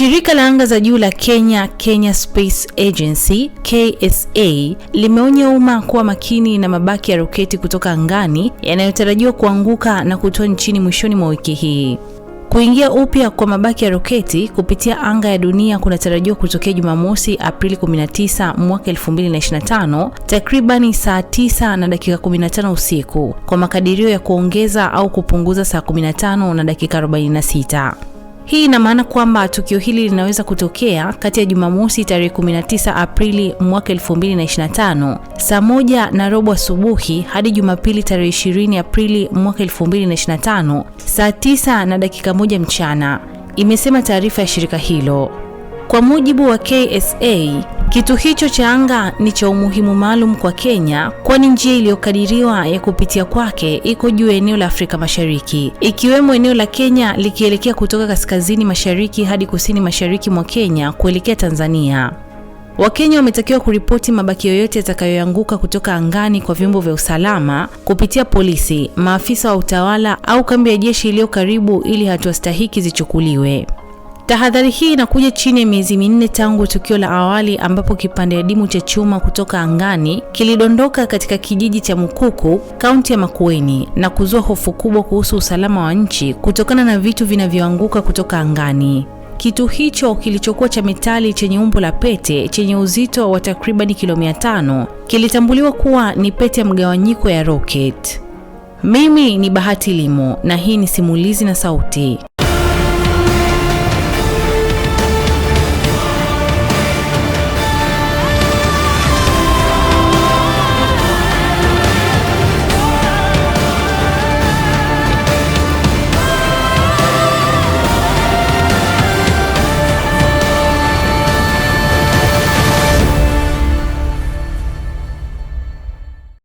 Shirika la anga za juu la Kenya, Kenya Space Agency KSA, limeonya umma kuwa makini na mabaki ya roketi kutoka angani yanayotarajiwa kuanguka na kutua nchini mwishoni mwa wiki hii. Kuingia upya kwa mabaki ya roketi kupitia anga ya dunia kunatarajiwa kutokea Jumamosi, Aprili 19 mwaka 2025 takribani saa 9 na dakika 15 usiku, kwa makadirio ya kuongeza au kupunguza saa 15 na dakika 46. Hii ina maana kwamba tukio hili linaweza kutokea kati ya Jumamosi tarehe 19 Aprili mwaka 2025 saa moja na robo asubuhi hadi Jumapili tarehe 20 Aprili mwaka 2025 saa tisa na dakika moja mchana, imesema taarifa ya shirika hilo. Kwa mujibu wa KSA, kitu hicho cha anga ni cha umuhimu maalum kwa Kenya, kwani njia iliyokadiriwa ya kupitia kwake iko juu ya eneo la Afrika Mashariki, ikiwemo eneo la Kenya likielekea kutoka kaskazini mashariki hadi kusini mashariki mwa Kenya kuelekea Tanzania. Wakenya wametakiwa kuripoti mabaki yoyote yatakayoanguka kutoka angani kwa vyombo vya usalama kupitia polisi, maafisa wa utawala au kambi ya jeshi iliyo karibu ili hatua stahiki zichukuliwe. Tahadhari hii inakuja chini ya miezi minne tangu tukio la awali ambapo kipande adimu cha chuma kutoka angani kilidondoka katika kijiji cha Mukuku, kaunti ya Makueni na kuzua hofu kubwa kuhusu usalama wa nchi kutokana na vitu vinavyoanguka kutoka angani. Kitu hicho kilichokuwa cha metali chenye umbo la pete chenye uzito wa takribani kilo mia tano kilitambuliwa kuwa ni pete ya mgawanyiko ya rocket. Mimi ni Bahati Limo na hii ni Simulizi na Sauti.